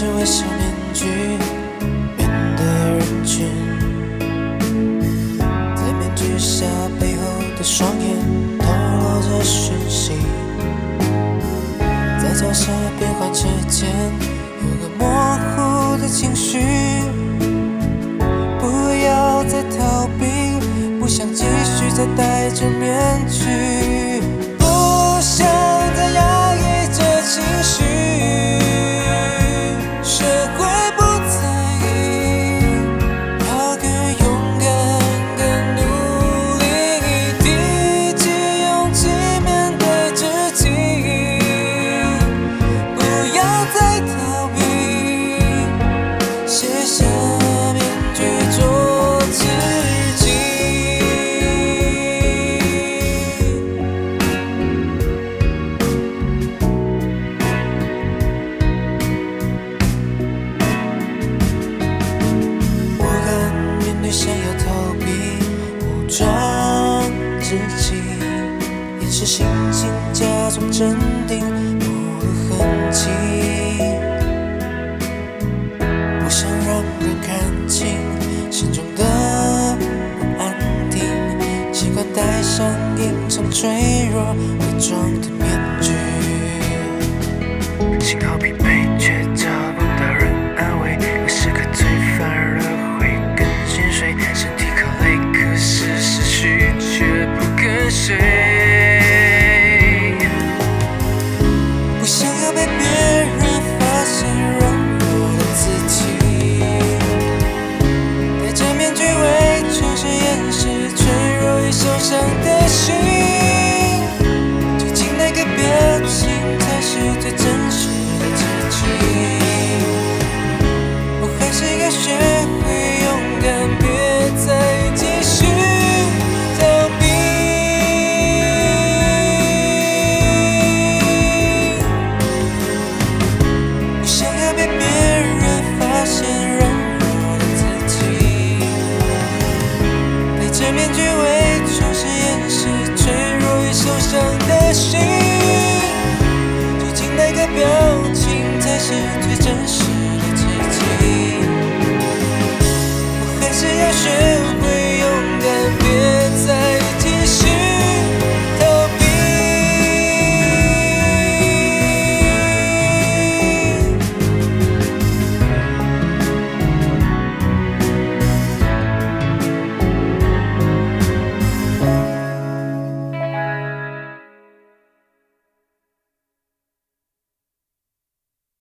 戴着微笑面具面對人群，在面具下背後的雙眼透露着訊息，在角色變換之間，有個模糊的情緒。不要再逃避，不想繼續再戴着面具。想鎮定，不露痕迹，不想讓人看清心中的不安定，習慣戴上隱藏脆弱偽裝的面具。心好疲憊哪個表情才是最真實。最真實。